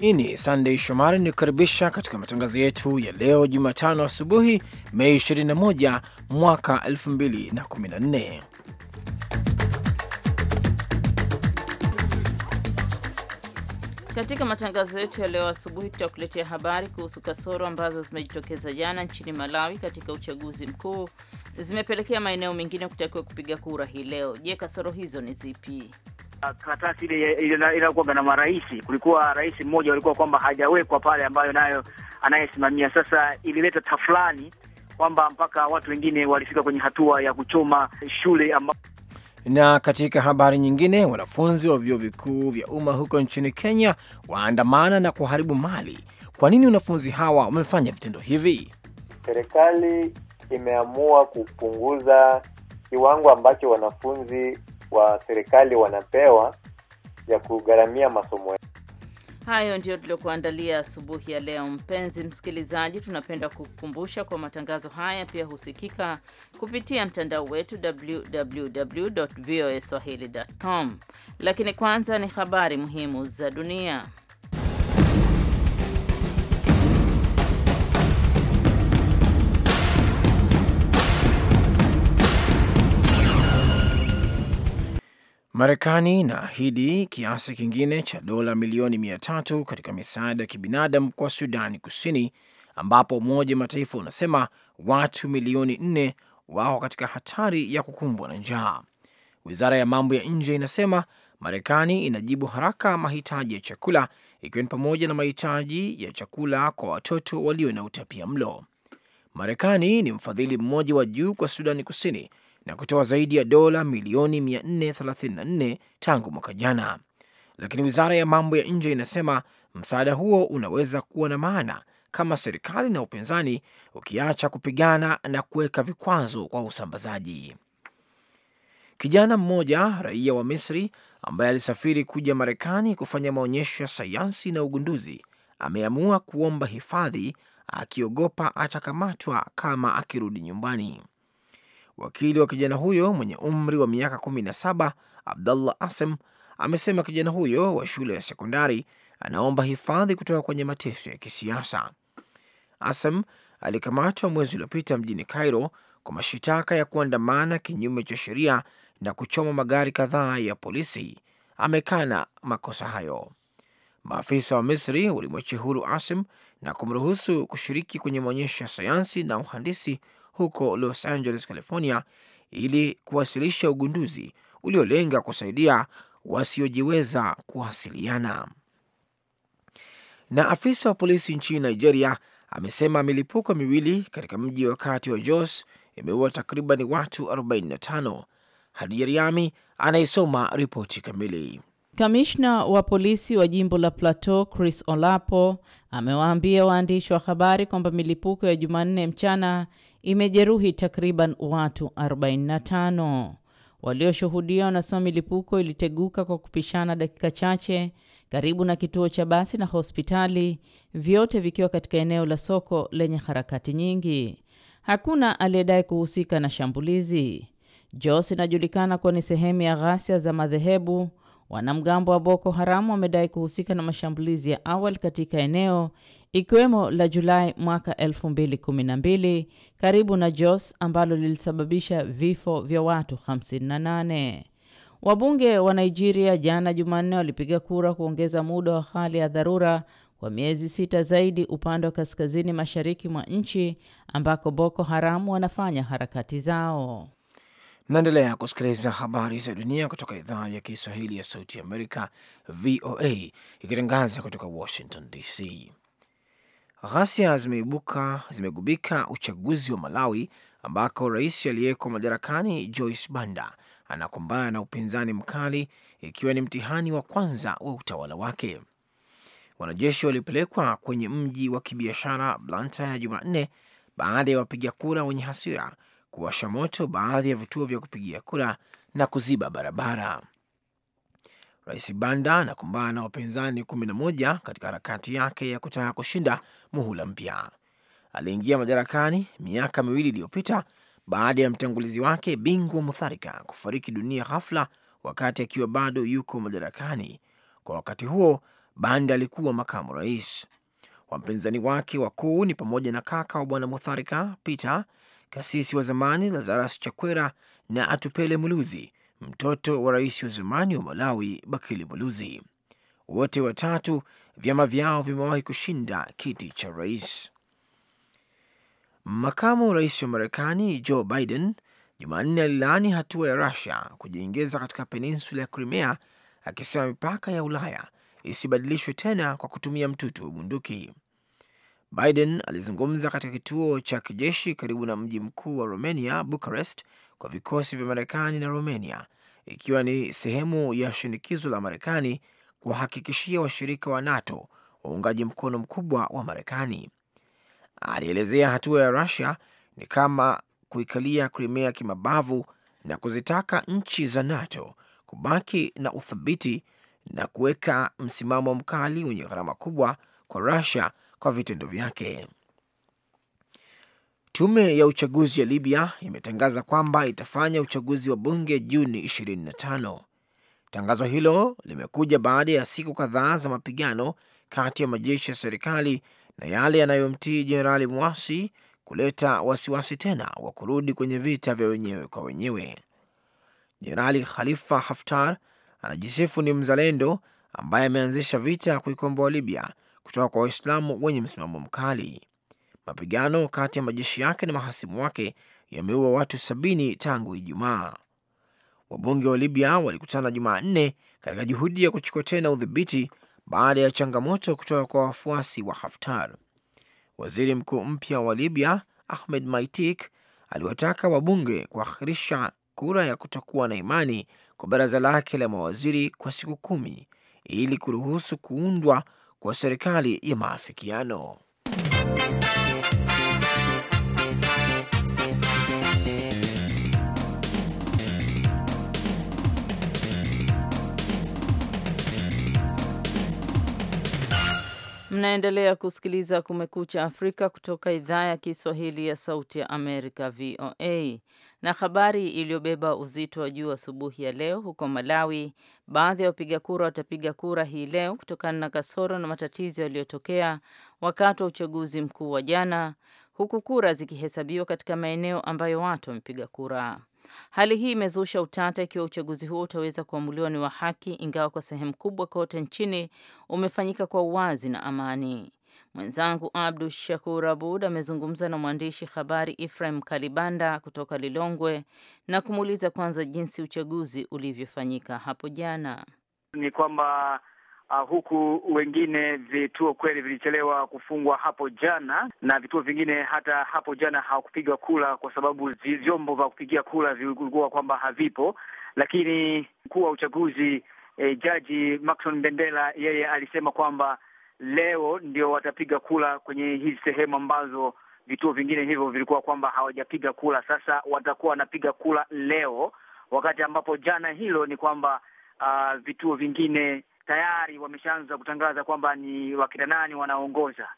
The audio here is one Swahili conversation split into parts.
hii ni sandey Shomari nikukaribisha katika matangazo yetu ya leo Jumatano asubuhi Mei 21 mwaka 2014. Katika matangazo yetu ya leo asubuhi tutakuletea habari kuhusu kasoro ambazo zimejitokeza jana nchini Malawi katika uchaguzi mkuu zimepelekea maeneo mengine kutakiwa kupiga kura hii leo. Je, kasoro hizo ni zipi? karatasi ile inayokuwaga na marahisi. Kulikuwa rais mmoja walikuwa kwamba hajawekwa pale, ambayo nayo anayesimamia sasa, ilileta tafulani kwamba mpaka watu wengine walifika kwenye hatua ya kuchoma shule amba... Na katika habari nyingine, wanafunzi wa vyuo vikuu vya umma huko nchini Kenya waandamana na kuharibu mali. Kwa nini wanafunzi hawa wamefanya vitendo hivi? Serikali imeamua kupunguza kiwango ambacho wanafunzi wa serikali wanapewa ya kugharamia masomo yao. Hayo ndiyo tuliokuandalia asubuhi ya leo. Mpenzi msikilizaji, tunapenda kukukumbusha kwa matangazo haya pia husikika kupitia mtandao wetu www voa swahili com, lakini kwanza ni habari muhimu za dunia. Marekani inaahidi kiasi kingine cha dola milioni mia tatu katika misaada ya kibinadamu kwa Sudani Kusini, ambapo Umoja wa Mataifa unasema watu milioni nne wako katika hatari ya kukumbwa na njaa. Wizara ya mambo ya nje inasema Marekani inajibu haraka mahitaji ya chakula, ikiwa ni pamoja na mahitaji ya chakula kwa watoto walio na utapia mlo. Marekani ni mfadhili mmoja wa juu kwa Sudani Kusini na kutoa zaidi ya dola milioni 434 tangu mwaka jana, lakini wizara ya mambo ya nje inasema msaada huo unaweza kuwa na maana kama serikali na upinzani ukiacha kupigana na kuweka vikwazo kwa usambazaji. Kijana mmoja raia wa Misri ambaye alisafiri kuja Marekani kufanya maonyesho ya sayansi na ugunduzi ameamua kuomba hifadhi akiogopa atakamatwa kama akirudi nyumbani. Wakili wa kijana huyo mwenye umri wa miaka 17 abdullah Asem amesema kijana huyo wa shule ya sekondari anaomba hifadhi kutoka kwenye mateso ya kisiasa. Asem alikamatwa mwezi uliopita mjini Cairo kwa mashitaka ya kuandamana kinyume cha sheria na kuchoma magari kadhaa ya polisi. Amekana makosa hayo. Maafisa wa Misri walimwachia huru Asim na kumruhusu kushiriki kwenye maonyesho ya sayansi na uhandisi huko Los Angeles, California, ili kuwasilisha ugunduzi uliolenga kusaidia wasiojiweza kuwasiliana. Na afisa wa polisi nchini Nigeria amesema milipuko miwili katika mji wa kati wa Jos imeua takriban watu 45. Hadija anayesoma anaisoma ripoti kamili. Kamishna wa polisi wa jimbo la Plateau Chris Olapo amewaambia waandishi wa habari kwamba milipuko ya Jumanne mchana imejeruhi takriban watu 45. Walioshuhudia wanasema milipuko iliteguka kwa kupishana dakika chache karibu na kituo cha basi na hospitali, vyote vikiwa katika eneo la soko lenye harakati nyingi. Hakuna aliyedai kuhusika na shambulizi. Jos inajulikana kuwa ni sehemu ya ghasia za madhehebu. Wanamgambo wa Boko Haramu wamedai kuhusika na mashambulizi ya awali katika eneo ikiwemo la Julai mwaka 2012 karibu na Jos ambalo lilisababisha vifo vya watu 58. Wabunge wa Nigeria jana Jumanne walipiga kura kuongeza muda wa hali ya dharura kwa miezi sita zaidi upande wa kaskazini mashariki mwa nchi ambako Boko haram wanafanya harakati zao. naendelea kusikiliza habari za dunia kutoka idhaa ya Kiswahili ya Sauti ya Amerika, VOA, ikitangaza kutoka Washington DC. Ghasia zimeibuka zimegubika uchaguzi wa Malawi ambako rais aliyeko madarakani Joyce Banda anakumbana na upinzani mkali, ikiwa ni mtihani wa kwanza wa utawala wake. Wanajeshi walipelekwa kwenye mji wa kibiashara Blanta ya Jumanne baada ya wapiga kura wenye hasira kuwasha moto baadhi ya vituo vya kupigia kura na kuziba barabara. Rais Banda anakumbana na wapinzani kumi na moja katika harakati yake ya kutaka kushinda muhula mpya. Aliingia madarakani miaka miwili iliyopita baada ya mtangulizi wake Bingu Mutharika kufariki dunia ghafla wakati akiwa bado yuko madarakani. Kwa wakati huo, Banda alikuwa makamu rais. Wapinzani wake wakuu ni pamoja na kaka wa bwana Mutharika, Peter, kasisi wa zamani Lazarus Chakwera na Atupele Muluzi mtoto wa rais wa zamani wa Malawi Bakili Muluzi. Wote watatu vyama vyao vimewahi kushinda kiti cha rais. Makamu rais wa Marekani Joe Biden Jumanne alilaani hatua ya Rusia kujiingiza katika peninsula ya Crimea, akisema mipaka ya Ulaya isibadilishwe tena kwa kutumia mtutu wa bunduki. Biden alizungumza katika kituo cha kijeshi karibu na mji mkuu wa Romania, Bucharest, kwa vikosi vya Marekani na Romania, ikiwa ni sehemu ya shinikizo la Marekani kuwahakikishia washirika wa NATO waungaji mkono mkubwa wa Marekani. Alielezea hatua ya Rusia ni kama kuikalia Krimea kimabavu na kuzitaka nchi za NATO kubaki na uthabiti na kuweka msimamo mkali wenye gharama kubwa kwa Rusia kwa vitendo vyake. Tume ya uchaguzi ya Libya imetangaza kwamba itafanya uchaguzi wa bunge Juni 25. Tangazo hilo limekuja baada ya siku kadhaa za mapigano kati ya majeshi ya serikali na yale yanayomtii jenerali mwasi kuleta wasiwasi tena wa kurudi kwenye vita vya wenyewe kwa wenyewe. Jenerali Khalifa Haftar anajisifu ni mzalendo ambaye ameanzisha vita kuikomboa Libya kutoka kwa Waislamu wenye msimamo mkali. Mapigano kati ya majeshi yake na mahasimu wake yameua watu sabini tangu Ijumaa. Wabunge wa Libya walikutana Jumanne katika juhudi ya kuchukua tena udhibiti baada ya changamoto kutoka kwa wafuasi wa Haftar. Waziri mkuu mpya wa Libya Ahmed Maitik aliwataka wabunge kuahirisha kura ya kutokuwa na imani kwa baraza lake la mawaziri kwa siku kumi ili kuruhusu kuundwa kwa serikali ya maafikiano. Mnaendelea kusikiliza Kumekucha Afrika kutoka idhaa ya Kiswahili ya Sauti ya Amerika, VOA. Na habari iliyobeba uzito wa juu asubuhi ya leo, huko Malawi, baadhi ya wapiga kura watapiga kura hii leo kutokana na kasoro na matatizo yaliyotokea wakati wa uchaguzi mkuu wa jana, huku kura zikihesabiwa katika maeneo ambayo watu wamepiga kura. Hali hii imezusha utata ikiwa uchaguzi huo utaweza kuamuliwa ni wa haki, ingawa kwa sehemu kubwa kote nchini umefanyika kwa uwazi na amani. Mwenzangu Abdu Shakur Abud amezungumza na mwandishi habari Ephraim Kalibanda kutoka Lilongwe na kumuuliza kwanza jinsi uchaguzi ulivyofanyika hapo jana. Ni kwamba uh, huku wengine vituo kweli vilichelewa kufungwa hapo jana, na vituo vingine hata hapo jana hawakupiga kula kwa sababu vyombo vya kupigia kula vilikuwa kwamba havipo. Lakini mkuu wa uchaguzi eh, Jaji Maxon Bendela yeye alisema kwamba leo ndio watapiga kula kwenye hizi sehemu ambazo vituo vingine hivyo vilikuwa kwamba hawajapiga kula. Sasa watakuwa wanapiga kula leo, wakati ambapo jana hilo ni kwamba uh, vituo vingine tayari wameshaanza kutangaza kwamba ni wakina nani wanaongoza.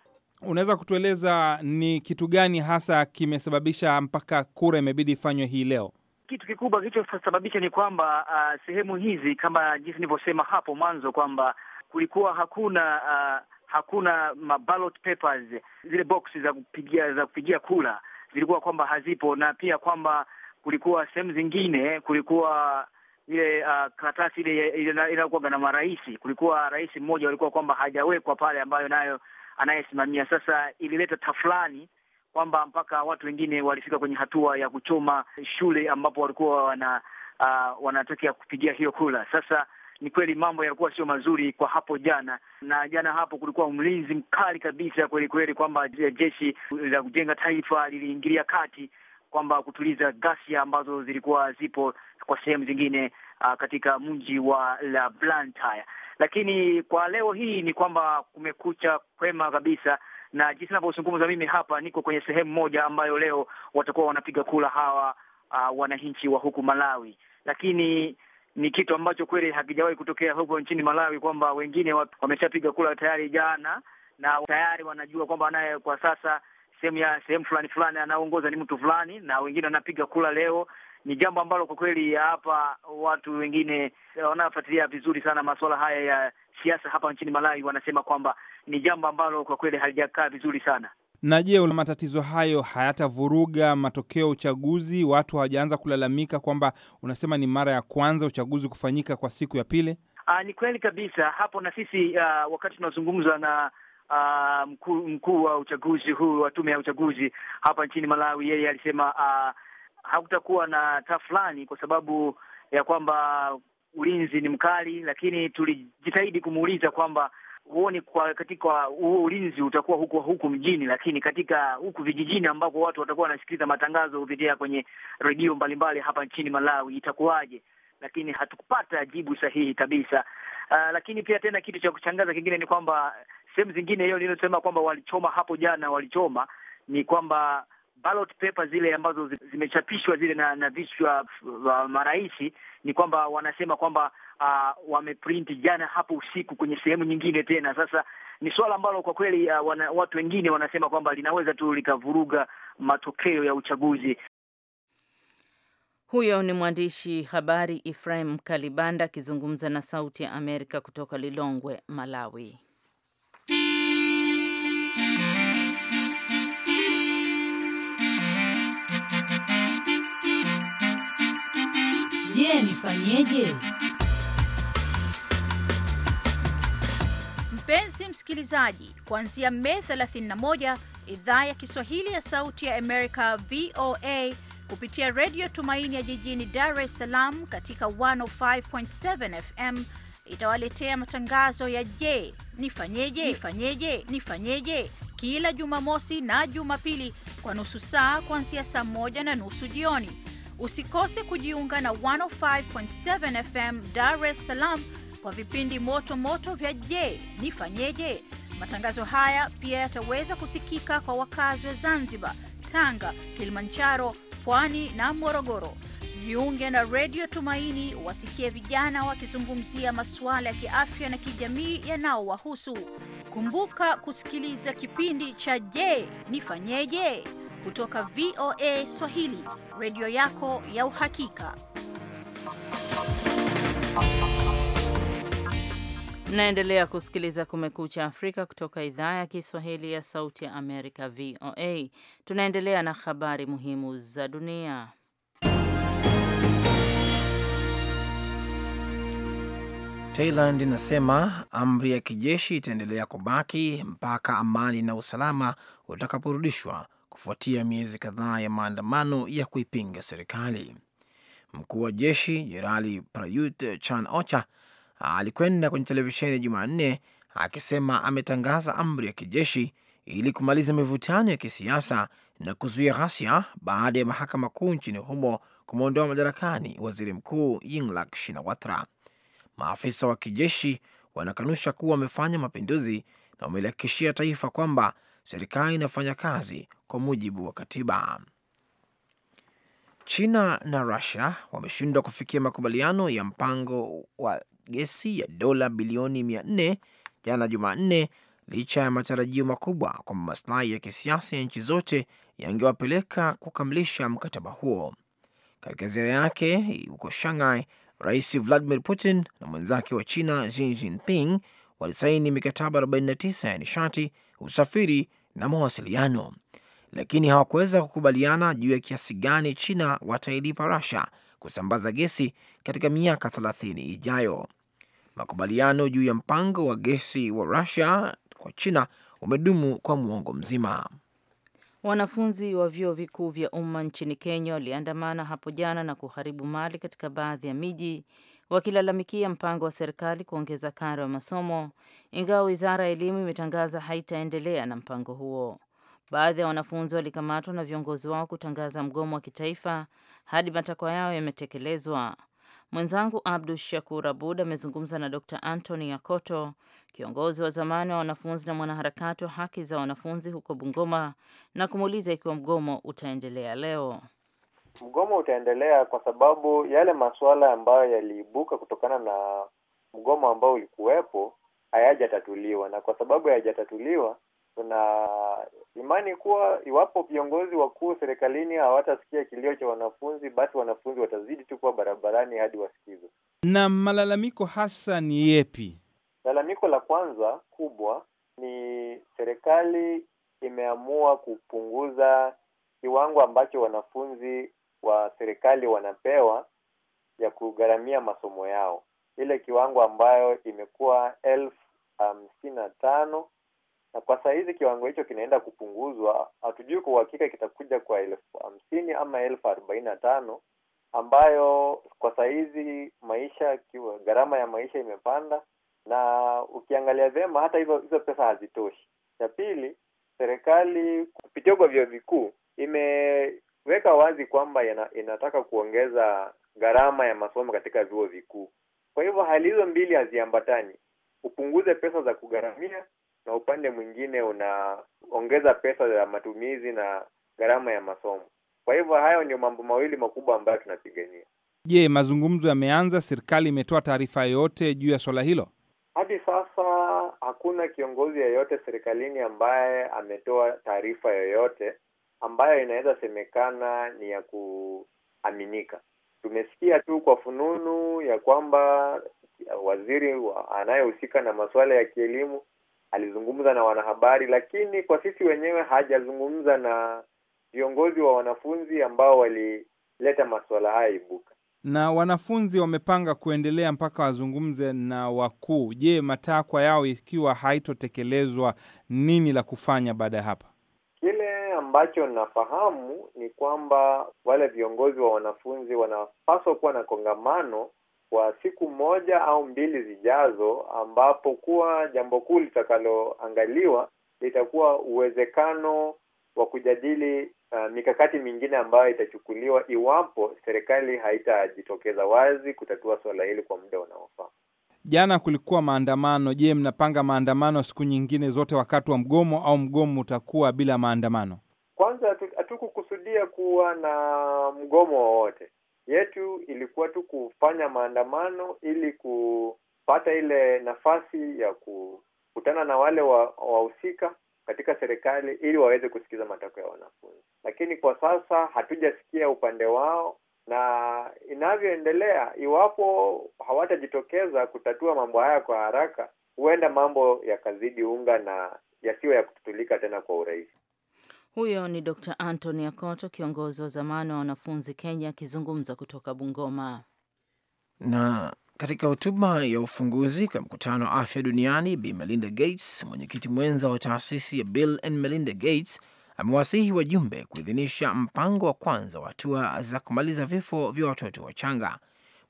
Unaweza kutueleza ni kitu gani hasa kimesababisha mpaka kura imebidi ifanywe hii leo? Kitu kikubwa kilichosababisha ni kwamba uh, sehemu hizi kama jinsi nilivyosema hapo mwanzo kwamba kulikuwa hakuna uh, hakuna ballot papers, zile box za kupigia za kupigia kura zilikuwa kwamba hazipo, na pia kwamba kulikuwa sehemu zingine kulikuwa ile uh, karatasi ile inayokuwa na marais, kulikuwa rais mmoja walikuwa kwamba hajawekwa pale, ambayo nayo anayesimamia sasa, ilileta tafulani kwamba mpaka watu wengine walifika kwenye hatua ya kuchoma shule ambapo walikuwa wana uh, wanatokea kupigia hiyo kula. Sasa ni kweli mambo yalikuwa sio mazuri kwa hapo jana, na jana hapo kulikuwa mlinzi mkali kabisa kweli kweli, kwamba jeshi la kujenga taifa liliingilia kati kwamba kutuliza ghasia ambazo zilikuwa zipo kwa sehemu zingine uh, katika mji wa La Blantyre. Lakini kwa leo hii ni kwamba kumekucha kwema kabisa, na jinsi ninavyozungumza mimi hapa niko kwenye sehemu moja ambayo leo watakuwa wanapiga kula hawa uh, wananchi wa huku Malawi, lakini ni kitu ambacho kweli hakijawahi kutokea huko nchini Malawi, kwamba wengine wameshapiga kula tayari jana na tayari wanajua kwamba naye kwa sasa sehemu ya sehemu fulani fulani, anaongoza ni mtu fulani, na wengine wanapiga kula leo. Ni jambo ambalo kwa kweli hapa watu wengine eh, wanaofuatilia vizuri sana masuala haya ya siasa hapa nchini Malawi wanasema kwamba ni jambo ambalo kwa kweli halijakaa vizuri sana. Na je, matatizo hayo hayatavuruga matokeo ya uchaguzi? Watu hawajaanza kulalamika kwamba unasema ni mara ya kwanza uchaguzi kufanyika kwa siku ya pili? Aa, ah, ni kweli kabisa hapo, na sisi uh, wakati tunazungumza na uh, mkuu mku wa uchaguzi huu wa tume ya uchaguzi hapa nchini Malawi, yeye alisema uh, hakutakuwa na fulani kwa sababu ya kwamba ulinzi ni mkali, lakini tulijitahidi kumuuliza kwamba huoni kwa katika huo ulinzi utakuwa huku huku mjini, lakini katika huku vijijini ambapo watu watakuwa wanasikiliza matangazo kupitia kwenye redio mbalimbali hapa nchini Malawi itakuwaje? Lakini hatukupata jibu sahihi kabisa. Uh, lakini pia tena kitu cha kushangaza kingine ni kwamba sehemu zingine, hiyo nilosema kwamba walichoma hapo jana, walichoma ni kwamba ballot paper zile ambazo zimechapishwa zile na, na vichwa vya marais ni kwamba wanasema kwamba uh, ah, wameprint jana hapo usiku kwenye sehemu nyingine tena. Sasa ni suala ambalo kwa kweli uh, wana, watu wengine wanasema kwamba linaweza tu likavuruga matokeo ya uchaguzi. Huyo ni mwandishi habari Ifraim Kalibanda akizungumza na Sauti ya Amerika kutoka Lilongwe, Malawi. Je, nifanyeje? Mpenzi msikilizaji, kuanzia Mei 31 idhaa ya Kiswahili ya Sauti ya Amerika VOA kupitia Redio Tumaini ya jijini Dar es Salaam katika 105.7 FM itawaletea matangazo ya Je, nifanyeje, nifanyeje, nifanyeje kila Jumamosi na Jumapili kwa nusu saa kuanzia saa moja na nusu jioni Usikose kujiunga na 105.7 FM Dar es Salaam kwa vipindi moto moto vya Je, Nifanyeje. Matangazo haya pia yataweza kusikika kwa wakazi wa Zanzibar, Tanga, Kilimanjaro, Pwani na Morogoro. Jiunge na Redio Tumaini wasikie vijana wakizungumzia masuala ya kiafya na kijamii yanaowahusu. Kumbuka kusikiliza kipindi cha Je, Nifanyeje kutoka VOA Swahili, redio yako ya uhakika. Mnaendelea kusikiliza Kumekucha Afrika kutoka idhaa ya Kiswahili ya Sauti ya Amerika, VOA. Tunaendelea na habari muhimu za dunia. Thailand inasema amri ya kijeshi itaendelea kubaki mpaka amani na usalama utakaporudishwa kufuatia miezi kadhaa ya maandamano ya kuipinga serikali. Mkuu wa jeshi Jenerali Prayut Chan Ocha alikwenda kwenye televisheni Jumanne akisema ametangaza amri ya kijeshi ili kumaliza mivutano ya kisiasa na kuzuia ghasia baada ya mahakama kuu nchini humo kumwondoa madarakani waziri mkuu Yingluck Shinawatra. Maafisa wa kijeshi wanakanusha kuwa wamefanya mapinduzi na wamelihakikishia taifa kwamba serikali inafanya kazi kwa mujibu wa katiba. China na Rusia wameshindwa kufikia makubaliano ya mpango wa gesi ya dola bilioni 4 jana Jumanne, licha ya matarajio makubwa kwamba maslahi ya kisiasa ya nchi zote yangewapeleka kukamilisha mkataba huo. Katika ziara yake huko Shanghai, Rais Vladimir Putin na mwenzake wa China Xi Jinping walisaini mikataba 49 ya nishati usafiri na mawasiliano, lakini hawakuweza kukubaliana juu ya kiasi gani China watailipa rasha kusambaza gesi katika miaka 30 ijayo. Makubaliano juu ya mpango wa gesi wa rasia kwa China umedumu kwa muongo mzima. Wanafunzi wa vyuo vikuu vya umma nchini Kenya waliandamana hapo jana na kuharibu mali katika baadhi ya miji wakilalamikia mpango wa serikali kuongeza karo ya masomo, ingawa wizara ya elimu imetangaza haitaendelea na mpango huo. Baadhi ya wanafunzi walikamatwa na viongozi wao kutangaza mgomo wa kitaifa hadi matakwa yao yametekelezwa. Mwenzangu Abdu Shakur Abud amezungumza na Dr Anthony yakoto kiongozi wa zamani wa wanafunzi na mwanaharakati wa haki za wanafunzi huko Bungoma, na kumuuliza ikiwa mgomo utaendelea leo. Mgomo utaendelea kwa sababu yale masuala ambayo yaliibuka kutokana na mgomo ambao ulikuwepo hayajatatuliwa, na kwa sababu hayajatatuliwa, tuna imani kuwa iwapo viongozi wakuu serikalini hawatasikia kilio cha wanafunzi, basi wanafunzi watazidi tu kuwa barabarani hadi wasikizwe. Na malalamiko hasa ni yepi? Lalamiko la kwanza kubwa ni serikali imeamua kupunguza kiwango ambacho wanafunzi wa serikali wanapewa ya kugharamia masomo yao, ile kiwango ambayo imekuwa elfu hamsini na tano na kwa saa hizi kiwango hicho kinaenda kupunguzwa. Hatujui kwa uhakika kitakuja kwa elfu hamsini ama elfu arobaini na tano ambayo kwa saa hizi maisha, gharama ya maisha imepanda, na ukiangalia vyema hata hizo hizo pesa hazitoshi. Cha pili, serikali kupitia kwa vyuo vikuu ime weka wazi kwamba inataka kuongeza gharama ya masomo katika vyuo vikuu. Kwa hivyo hali hizo mbili haziambatani, upunguze pesa za kugharamia na upande mwingine unaongeza pesa za matumizi na gharama ya masomo. Kwa hivyo hayo ndio mambo mawili makubwa ambayo tunapigania. Je, mazungumzo yameanza? Serikali imetoa taarifa yoyote juu ya swala hilo? Hadi sasa hakuna kiongozi yeyote serikalini ambaye ametoa taarifa yoyote ambayo inaweza semekana ni ya kuaminika. Tumesikia tu kwa fununu ya kwamba waziri wa anayehusika na masuala ya kielimu alizungumza na wanahabari, lakini kwa sisi wenyewe hajazungumza na viongozi wa wanafunzi ambao walileta masuala haya ibuka na wanafunzi wamepanga kuendelea mpaka wazungumze na wakuu. Je, matakwa yao ikiwa haitotekelezwa, nini la kufanya baada ya hapa? ambacho nafahamu ni kwamba wale viongozi wa wanafunzi wanapaswa kuwa na kongamano kwa siku moja au mbili zijazo, ambapo kuwa jambo kuu litakaloangaliwa litakuwa uwezekano wa kujadili uh, mikakati mingine ambayo itachukuliwa iwapo serikali haitajitokeza wazi kutatua suala hili kwa muda unaofaa. Jana kulikuwa maandamano. Je, mnapanga maandamano siku nyingine zote wakati wa mgomo au mgomo utakuwa bila maandamano? kwanza hatukukusudia kuwa na mgomo wowote, yetu ilikuwa tu kufanya maandamano ili kupata ile nafasi ya kukutana na wale wahusika wa katika serikali ili waweze kusikiza matakwa ya wanafunzi, lakini kwa sasa hatujasikia upande wao, na inavyoendelea, iwapo hawatajitokeza kutatua mambo haya kwa haraka, huenda mambo yakazidi unga na yasiwe ya kututulika tena kwa urahisi. Huyo ni Dr Anthony Akoto, kiongozi wa zamani wa wanafunzi Kenya, akizungumza kutoka Bungoma. Na katika hotuba ya ufunguzi kwa mkutano wa afya duniani, Bi Melinda Gates, mwenyekiti mwenza wa taasisi ya Bill and Melinda Gates, amewasihi wajumbe kuidhinisha mpango wa kwanza wa hatua za kumaliza vifo vya watoto wachanga.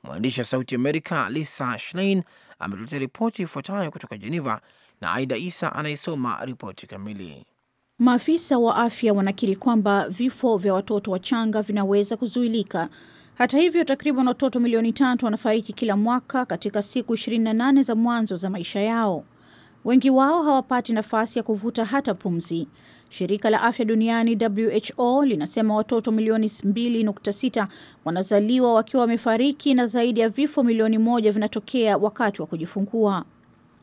Mwandishi wa Sauti Amerika Lisa Schlein ametuletea ripoti ifuatayo kutoka Jeneva na Aida Isa anayesoma ripoti kamili. Maafisa wa afya wanakiri kwamba vifo vya watoto wachanga vinaweza kuzuilika. Hata hivyo, takriban watoto milioni tatu wanafariki kila mwaka katika siku 28 za mwanzo za maisha yao. Wengi wao hawapati nafasi ya kuvuta hata pumzi. Shirika la afya duniani WHO linasema watoto milioni 2.6 wanazaliwa wakiwa wamefariki na zaidi ya vifo milioni moja vinatokea wakati wa kujifungua.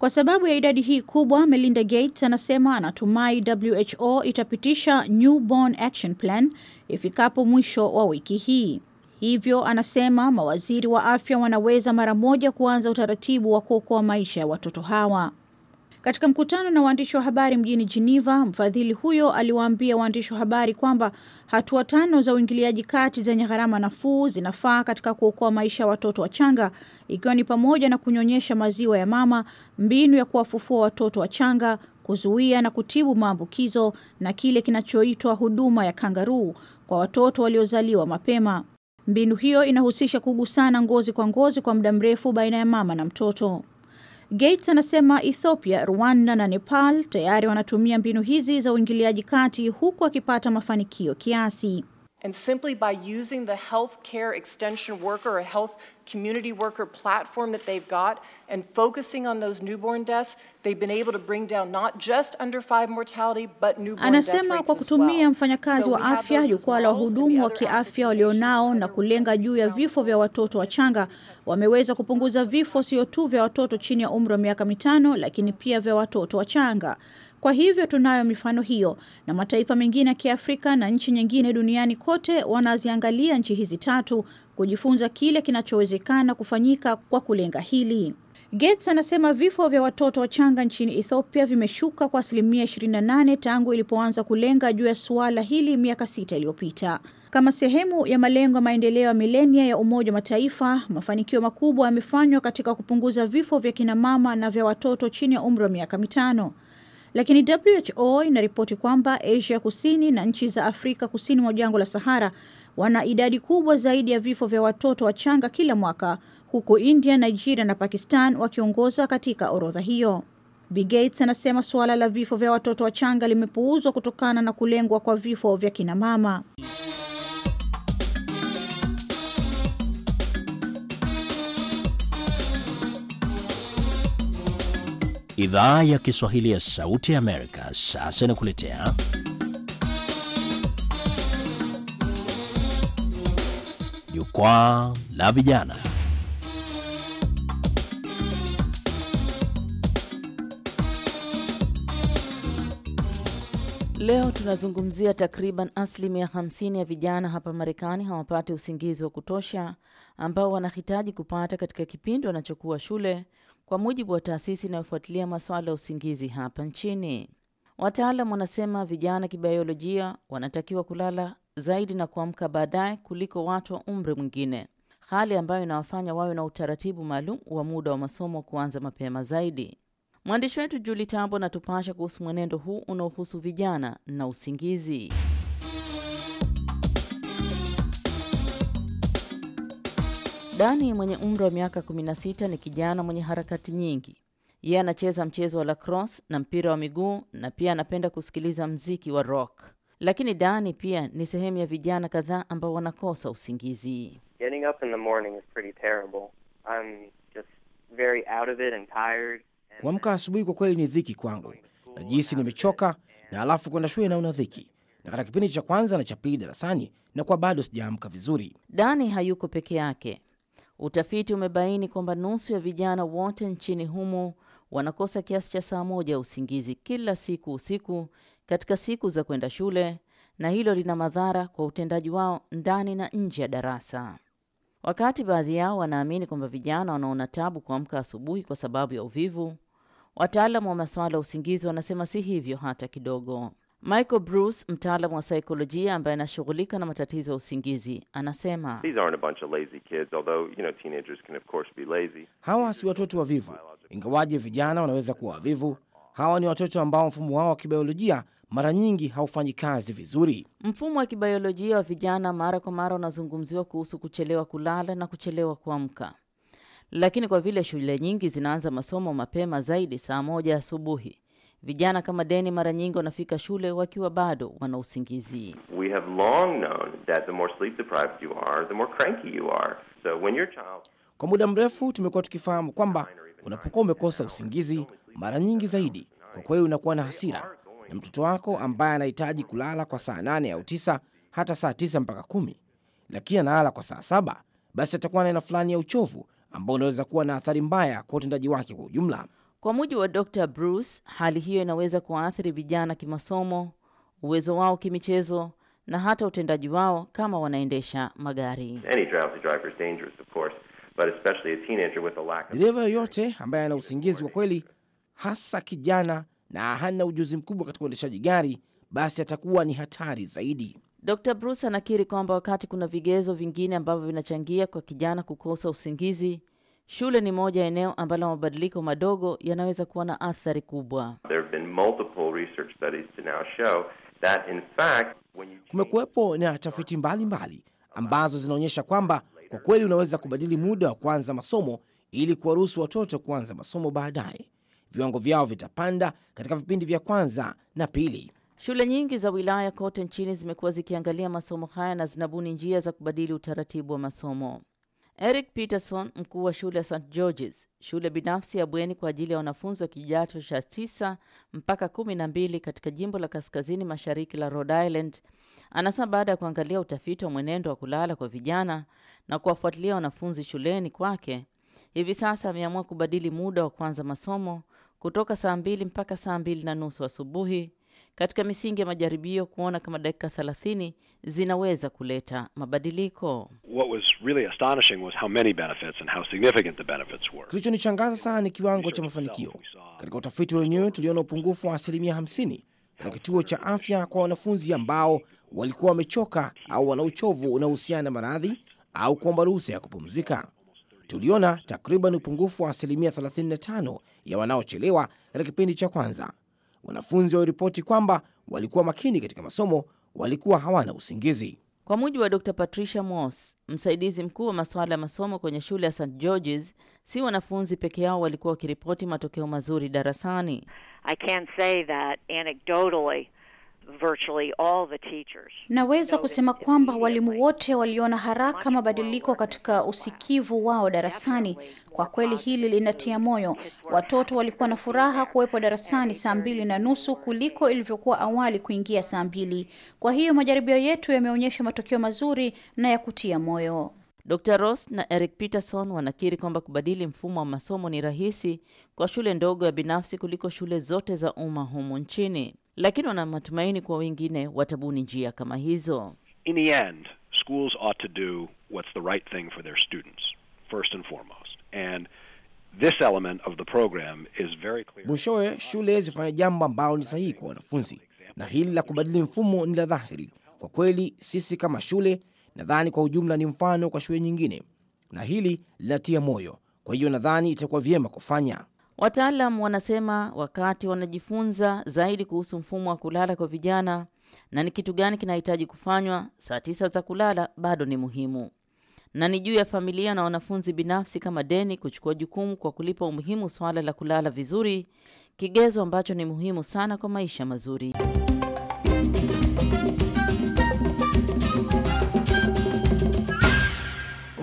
Kwa sababu ya idadi hii kubwa, Melinda Gates anasema anatumai WHO itapitisha Newborn Action Plan ifikapo mwisho wa wiki hii. Hivyo anasema mawaziri wa afya wanaweza mara moja kuanza utaratibu wa kuokoa maisha ya watoto hawa. Katika mkutano na waandishi wa habari mjini Geneva, mfadhili huyo aliwaambia waandishi wa habari kwamba hatua tano za uingiliaji kati zenye gharama nafuu zinafaa katika kuokoa maisha ya watoto wachanga, ikiwa ni pamoja na kunyonyesha maziwa ya mama, mbinu ya kuwafufua watoto wachanga, kuzuia na kutibu maambukizo na kile kinachoitwa huduma ya kangaruu kwa watoto waliozaliwa mapema. Mbinu hiyo inahusisha kugusana ngozi kwa ngozi kwa muda mrefu baina ya mama na mtoto. Gates anasema Ethiopia, Rwanda na Nepal tayari wanatumia mbinu hizi za uingiliaji kati huku akipata mafanikio kiasi. And simply by using the care extension worker or health community worker platform that they've got and focusing on those newborn deaths Anasema kwa kutumia mfanyakazi wa afya, jukwaa la wahudumu wa kiafya walionao na kulenga juu ya vifo vya watoto wachanga, wameweza kupunguza vifo sio tu vya watoto chini ya umri wa miaka mitano, lakini pia vya watoto wachanga. Kwa hivyo tunayo mifano hiyo, na mataifa mengine ya Kiafrika na nchi nyingine duniani kote wanaziangalia nchi hizi tatu kujifunza kile kinachowezekana kufanyika kwa kulenga hili. Gates anasema vifo vya watoto wachanga nchini Ethiopia vimeshuka kwa asilimia 28 tangu ilipoanza kulenga juu ya suala hili miaka sita iliyopita. Kama sehemu ya malengo ya maendeleo ya milenia ya Umoja wa Mataifa, mafanikio makubwa yamefanywa katika kupunguza vifo vya kinamama na vya watoto chini ya umri wa miaka mitano, lakini WHO inaripoti kwamba Asia Kusini na nchi za Afrika kusini mwa jangwa la Sahara wana idadi kubwa zaidi ya vifo vya watoto wachanga kila mwaka huku India, Nigeria na Pakistan wakiongoza katika orodha hiyo. Bill Gates anasema suala la vifo vya watoto wachanga limepuuzwa kutokana na kulengwa kwa vifo vya kina mama. Idhaa ya Kiswahili ya Sauti ya Amerika sasa inakuletea Jukwaa la Vijana. Leo tunazungumzia takriban asilimia 50 ya vijana hapa Marekani hawapati usingizi wa kutosha ambao wanahitaji kupata katika kipindi wanachokuwa shule, kwa mujibu wa taasisi inayofuatilia masuala ya usingizi hapa nchini. Wataalam wanasema vijana kibaiolojia wanatakiwa kulala zaidi na kuamka baadaye kuliko watu wa umri mwingine, hali ambayo inawafanya wawe na utaratibu maalum wa muda wa masomo kuanza mapema zaidi. Mwandishi wetu Juli Tambo anatupasha kuhusu mwenendo huu unaohusu vijana na usingizi. Dani mwenye umri wa miaka 16 ni kijana mwenye harakati nyingi. Yeye anacheza mchezo wa lacrosse na mpira wa miguu na pia anapenda kusikiliza mziki wa rock. Lakini Dani pia ni sehemu ya vijana kadhaa ambao wanakosa usingizi. Getting up in the morning is pretty terrible. I'm just very out of it and tired. Kuamka asubuhi kwa kweli ni dhiki kwangu, na jinsi nimechoka, na alafu kwenda shule naona dhiki na katika kipindi cha kwanza na cha pili darasani na kwa bado sijaamka vizuri. Dani hayuko peke yake. Utafiti umebaini kwamba nusu ya vijana wote nchini humo wanakosa kiasi cha saa moja ya usingizi kila siku usiku katika siku za kwenda shule, na hilo lina madhara kwa utendaji wao ndani na nje ya darasa. Wakati baadhi yao wanaamini kwamba vijana wanaona tabu kuamka asubuhi kwa sababu ya uvivu, Wataalamu wa masuala ya usingizi wanasema si hivyo hata kidogo. Michael Bruce, mtaalamu wa saikolojia ambaye anashughulika na matatizo ya usingizi, anasema hawa si watoto wavivu, ingawaje vijana wanaweza kuwa wavivu. Hawa ni watoto ambao mfumo wao wa kibiolojia mara nyingi haufanyi kazi vizuri. Mfumo wa kibiolojia wa vijana mara kwa mara unazungumziwa kuhusu kuchelewa kulala na kuchelewa kuamka lakini kwa vile shule nyingi zinaanza masomo mapema zaidi saa moja asubuhi, vijana kama Deni mara nyingi wanafika shule wakiwa bado wana usingizi. kwa muda mrefu tumekuwa tukifahamu kwamba unapokuwa umekosa usingizi mara nyingi zaidi, kwa kweli unakuwa na hasira, na mtoto wako ambaye anahitaji kulala kwa saa nane au tisa hata saa tisa mpaka kumi, lakini analala kwa saa saba, basi atakuwa na aina fulani ya uchovu ambao unaweza kuwa na athari mbaya kwa utendaji wake kwa ujumla. Kwa mujibu wa Dr Bruce, hali hiyo inaweza kuwaathiri vijana kimasomo, uwezo wao kimichezo na hata utendaji wao kama wanaendesha magari. Dereva yoyote ambaye ana usingizi kwa kweli, hasa kijana na hana ujuzi mkubwa katika uendeshaji gari, basi atakuwa ni hatari zaidi. Dr. Bruce anakiri kwamba wakati kuna vigezo vingine ambavyo vinachangia kwa kijana kukosa usingizi, shule ni moja ya eneo ambalo mabadiliko madogo yanaweza kuwa na athari kubwa. Kumekuwepo na tafiti mbalimbali mbali ambazo zinaonyesha kwamba kwa kweli unaweza kubadili muda wa kuanza masomo ili kuwaruhusu watoto kuanza masomo baadaye. Viwango vyao vitapanda katika vipindi vya kwanza na pili. Shule nyingi za wilaya kote nchini zimekuwa zikiangalia masomo haya na zinabuni njia za kubadili utaratibu wa masomo. Eric Peterson, mkuu wa shule ya St Georges, shule binafsi ya bweni kwa ajili ya wanafunzi wa kidato cha tisa mpaka kumi na mbili katika jimbo la kaskazini mashariki la Rhode Island, anasema baada ya kuangalia utafiti wa mwenendo wa kulala kwa vijana na kuwafuatilia wanafunzi shuleni kwake, hivi sasa ameamua kubadili muda wa kuanza masomo kutoka saa mbili mpaka saa mbili na nusu asubuhi katika misingi ya majaribio kuona kama dakika 30 zinaweza kuleta mabadiliko. kilichonichangaza sana ni kiwango cha mafanikio. Katika utafiti wenyewe tuliona upungufu wa asilimia 50 katika kituo cha afya kwa wanafunzi ambao walikuwa wamechoka au wana uchovu unaohusiana na maradhi au kuomba ruhusa ya kupumzika. Tuliona takriban upungufu wa asilimia 35 ya wanaochelewa katika kipindi cha kwanza wanafunzi waliripoti kwamba walikuwa makini katika masomo, walikuwa hawana usingizi. Kwa mujibu wa Dr Patricia Moss, msaidizi mkuu wa masuala ya masomo kwenye shule ya St Georges, si wanafunzi peke yao walikuwa wakiripoti matokeo mazuri darasani. I say that anecdotally Naweza kusema kwamba walimu wote waliona haraka mabadiliko katika uh, usikivu wao darasani. Kwa kweli hili linatia moyo. Watoto walikuwa na furaha kuwepo darasani saa mbili na nusu kuliko ilivyokuwa awali kuingia saa mbili. Kwa hiyo majaribio yetu yameonyesha matokeo mazuri na ya kutia moyo. Dr. Ross na Eric Peterson wanakiri kwamba kubadili mfumo wa masomo ni rahisi kwa shule ndogo ya binafsi kuliko shule zote za umma humu nchini lakini wana matumaini kuwa wengine watabuni njia kama hizo. In the end, schools ought to do what's the right thing for their students first and foremost. And this element of the program is very clear. Mwishowe, shule zifanya jambo ambalo ni sahihi kwa wanafunzi, na hili la kubadili mfumo ni la dhahiri. Kwa kweli, sisi kama shule, nadhani kwa ujumla ni mfano kwa shule nyingine, na hili linatia moyo. Kwa hiyo nadhani itakuwa vyema kufanya Wataalam wanasema wakati wanajifunza zaidi kuhusu mfumo wa kulala kwa vijana na ni kitu gani kinahitaji kufanywa, saa tisa za kulala bado ni muhimu na ni juu ya familia na wanafunzi binafsi kama deni kuchukua jukumu kwa kulipa umuhimu swala la kulala vizuri, kigezo ambacho ni muhimu sana kwa maisha mazuri.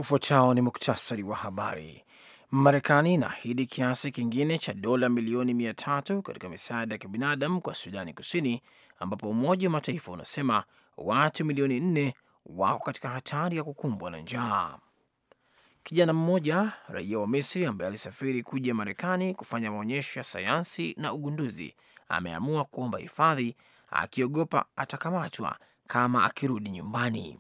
Ufuatao ni muktasari wa habari. Marekani inaahidi kiasi kingine cha dola milioni mia tatu katika misaada ya kibinadamu kwa Sudani Kusini, ambapo Umoja wa Mataifa unasema watu milioni nne wako katika hatari ya kukumbwa na njaa. Kijana mmoja raia wa Misri ambaye alisafiri kuja Marekani kufanya maonyesho ya sayansi na ugunduzi ameamua kuomba hifadhi akiogopa atakamatwa kama akirudi nyumbani.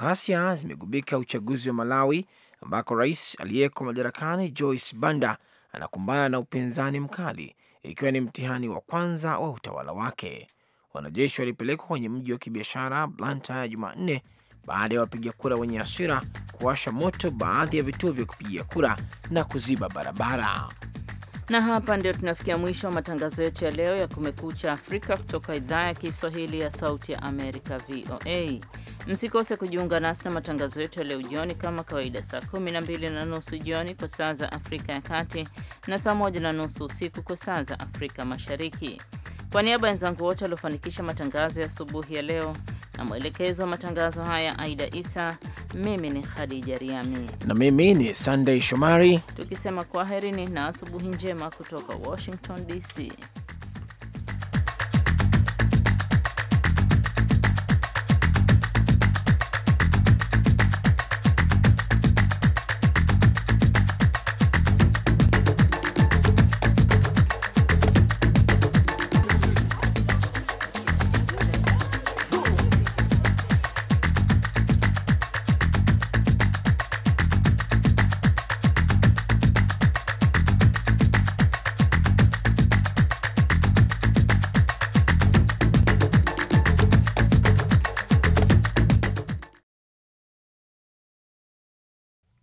Ghasia zimegubika uchaguzi wa Malawi ambako rais aliyeko madarakani Joyce Banda anakumbana na upinzani mkali, ikiwa ni mtihani wa kwanza wa utawala wake. Wanajeshi walipelekwa kwenye mji wa kibiashara blanta ya Jumanne baada ya wapiga kura wenye hasira kuwasha moto baadhi ya vituo vya kupigia kura na kuziba barabara. Na hapa ndio tunafikia mwisho wa matangazo yetu ya leo ya Kumekucha Afrika kutoka idhaa ya Kiswahili ya Sauti ya Amerika, VOA. Msikose kujiunga nasi na matangazo yetu ya leo jioni, kama kawaida, saa kumi na mbili na nusu jioni kwa saa za Afrika ya Kati na saa moja na nusu usiku kwa saa za Afrika Mashariki. Kwa niaba ya wenzangu wote waliofanikisha matangazo ya asubuhi ya leo na mwelekezo wa matangazo haya Aida Isa, mimi ni Khadija Riami na mimi ni sandey Shomari, tukisema kwaherini na asubuhi njema kutoka Washington DC.